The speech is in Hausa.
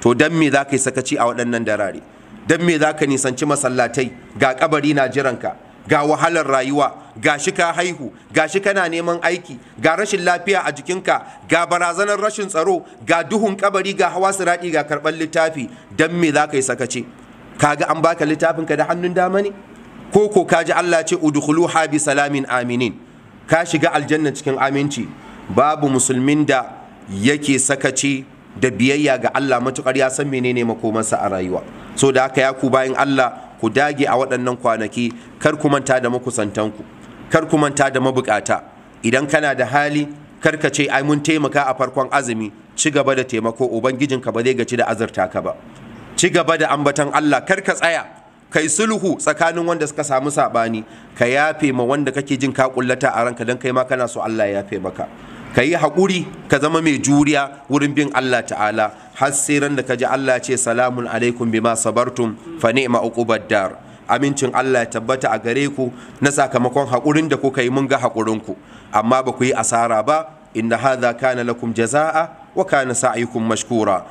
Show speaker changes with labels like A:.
A: to dan me za ka yi sakaci a waɗannan darare dan me za ka nisanci masallatai ga kabari na jiranka ga wahalar rayuwa ga shi ka haihu ga shi kana neman aiki ga rashin lafiya a jikinka ga barazanar rashin tsaro ga duhun kabari ga hawa siradi ga karɓar littafi dan me za ka yi sakaci kaga an baka littafin ka da hannun dama ne ko ko kaji Allah ce udkhulu habi salamin aminin ka shiga aljanna cikin aminci babu musulmin da yake sakaci da biyayya ga Allah matuƙar ya san menene makomansa a rayuwa so da haka ya ku bayan Allah ku dage a waɗannan kwanaki kar ku manta da makusantanku kar ku manta da mabukata idan kana da hali kar ka ce ai mun taimaka a farkon azumi ci gaba da taimako ka ba zai gaci da azurta ka ba ci gaba da ambatan Allah kar ka tsaya kai sulhu tsakanin wanda suka samu sabani ka yafe ma wanda kake jin ka kullata a ranka dan kai ma kana so Allah ya yafe maka ka yi haƙuri ka zama mai juriya wurin bin Allah ta'ala har sai ran da ka ji Allah ce salamun alaikum bima sabartum fa ni'ma uqubad dar amincin Allah ya tabbata a gare ku na sakamakon haƙurin da kuka yi mun ga haƙurin ku amma ba ku yi asara ba inna hadha kana lakum jazaa wa kana sa'ikum mashkura